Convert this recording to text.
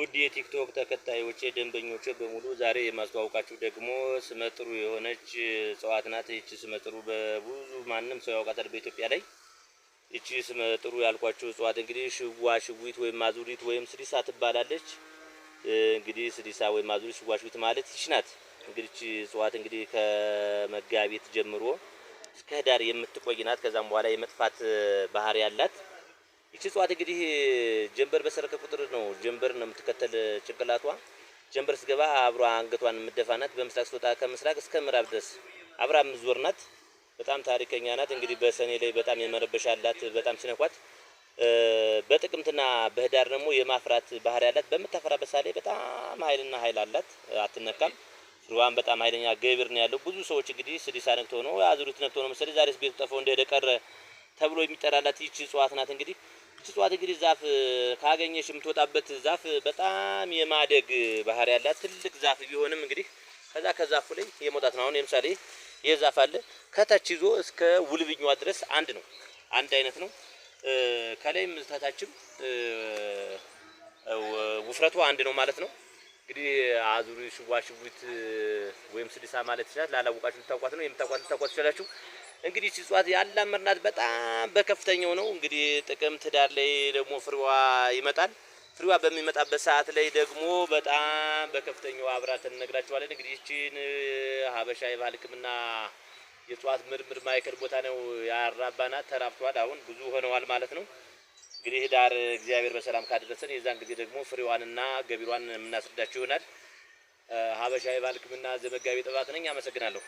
ውድ የቲክቶክ ተከታዮች ደንበኞች በሙሉ ዛሬ የማስተዋወቃችሁ ደግሞ ስመጥሩ የሆነች እጽዋት ናት። ይቺ ስመጥሩ በብዙ ማንም ሰው ያውቃታል በኢትዮጵያ ላይ። ይቺ ስመጥሩ ያልኳችሁ እጽዋት እንግዲህ ሽዋ፣ ሽዊት ወይም ማዙሪት ወይም ስሊሳ ትባላለች። እንግዲህ ስሪሳ ወይም ማዙሪት፣ ሽዋ፣ ሽዊት ማለት ይች ናት። እንግዲህ እጽዋት እንግዲህ ከመጋቢት ጀምሮ እስከ ህዳር የምትቆይ ናት። ከዛም በኋላ የመጥፋት ባህሪ ያላት ይቺ እጽዋት እንግዲህ ጀንበር በሰረከ ቁጥር ነው ጀንበር ነው የምትከተል ጭንቅላቷ። ጀንበር ስገባ አብሯ አንገቷን የምደፋናት፣ በምስራቅ ስትወጣ ከምስራቅ እስከ ምዕራብ ድረስ አብራ የምትዞር ናት። በጣም ታሪከኛ ናት። እንግዲህ በሰኔ ላይ በጣም የመረበሻ አላት። በጣም ሲነኳት በጥቅምትና በህዳር ደግሞ የማፍራት ባህሪ ያላት። በምታፈራበት ላይ በጣም ኃይልና ኃይል አላት። አትነካም። ፍሬዋን በጣም ኃይለኛ ገቢር ነው ያለው። ብዙ ሰዎች እንግዲህ ስዲሳ ነግቶ ነው አዙሪት ነግቶ ነው መሰለኝ ዛሬስ ቤቱ ጠፎ እንደሄደ ቀረ ተብሎ የሚጠራላት ይቺ እጽዋት ናት እንግዲህ እጽዋት እንግዲህ ዛፍ ካገኘሽ የምትወጣበት ዛፍ በጣም የማደግ ባህሪ ያላት ትልቅ ዛፍ ቢሆንም እንግዲህ ከዛ ከዛፉ ላይ የመውጣት ነው። አሁን ለምሳሌ ይህ ዛፍ አለ። ከታች ይዞ እስከ ውልብኛዋ ድረስ አንድ ነው፣ አንድ አይነት ነው። ከላይም ከታችም ውፍረቱ አንድ ነው ማለት ነው። እንግዲህ አዙሪ ሽዋሽዊት ወይም ስድሳ ማለት ይችላል። ላላወቃችሁ ልታውቋት ነው። የምታውቋት ልታውቋት ትችላላችሁ። እንግዲህ እጽዋት ያላመርናት በጣም በከፍተኛው ነው። እንግዲህ ጥቅምት ዳር ላይ ደግሞ ፍሬዋ ይመጣል። ፍሬዋ በሚመጣበት ሰዓት ላይ ደግሞ በጣም በከፍተኛው አብራት እነግራቸዋለን። እንግዲህ ይህችን ሀበሻ የባህል ሕክምና የእጽዋት ምርምር ማዕከል ቦታ ነው ያራባናት። ተራብተዋል። አሁን ብዙ ሆነዋል ማለት ነው። እንግዲህ ዳር እግዚአብሔር በሰላም ካደረሰን የዛን ጊዜ ደግሞ ፍሬዋንና ገቢሯን የምናስረዳቸው ይሆናል። ሀበሻ የባህል ሕክምና ዘመጋቢ ጥባት ነኝ። አመሰግናለሁ።